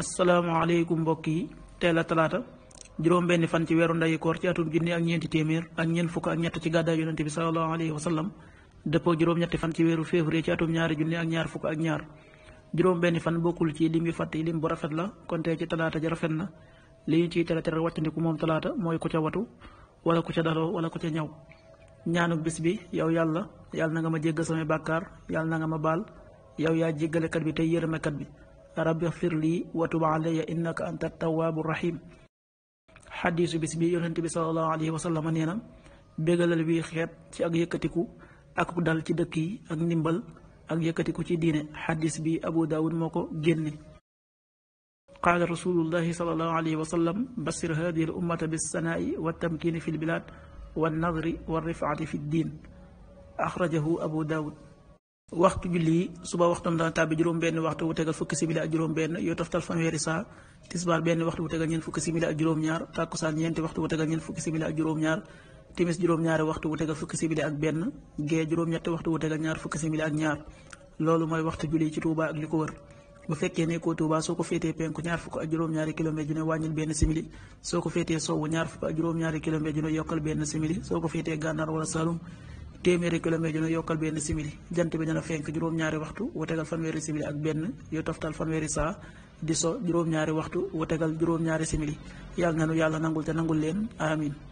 asalaamaaleykum mbokk yi tey la talaata juróom-benni fan ci weeru ndayi koor ci atum junni ak ñeenti téeméer ak ñeent fukk ak ñett ci gàddaay yonente bi sallallahu alayhi wa sallam dëppoo juróom-ñetti fan ci weeru février ci atum ñaari junni ak ñaar fukk ak ñaar juróom-benni fan bokkul ci lim yu fàtt yi lim bu rafet la kon ci talaata ji rafet na li ñu ciy tere tere wàccandiku moom talaata mooy ku ca watu wala ku ca daloo wala ku ca ñaw ñaanu bis bi yow yàlla yàlla na nga ma jéggal samay bàkkaar yàlla na nga ma baal yow yaa jéggalekat bi tey yërëmekat bi rabbi xfir lii wa tub alayya innaka anta tawaabu rahim xadiisu bis bi yonent bi sallallahu alayhi wa sallam nee na bégalal wi xeet ci ak yëkkatiku ak dal ci dëkk yi ak ndimbal ak ci diine xadiis bi abu daawud moo ko génne qaala rasulullahi sallallahu alayhi wa sallam bassir hadihi al ummata bissanaa'i wattamkiini fi lbilaad wannadri warrifaati fi ddiin axrajahu abu daawud waxtu julli suba waxtoom dana tàbbi juróom benn waxtu bu tegal fukki simili ak juróom benn yoo toftal fanweeri saa tisbaar benn waxtu bu tegal ñeent fukki simili ak juróom ñaar tàkkusaan ñeenti waxtu bu tegal ñeent fukki simili ak juróom ñaar timis juróom-ñaari waxtu bu tegal fukki simili ak benn gee juróom-ñetti waxtu ñaar fukki simili ak ñaar loolu mooy waxtu julli ci Touba ak li ko wër bu fekkee nekkoo Touba soo ko féetee penku ñaar fukk ak juróom-ñaari kilomètre ju ne wàññil benn simili soo ko féetee sowwu ñaar fukk ak juróom-ñaari kilomètre ju ne yokkal benn simili soo ko féetee gànnaar wala Saloum téeméeri kilomètre dina yokkal benn simili jant bi dana fenk juróom-ñaari waxtu wu tegal fanweeri simili ak benn yu toftal fanweeri saa di so juróom-ñaari waxtu wu tegal juróom-ñaari simili yàlla na nu yàlla nangul te nangul leen amin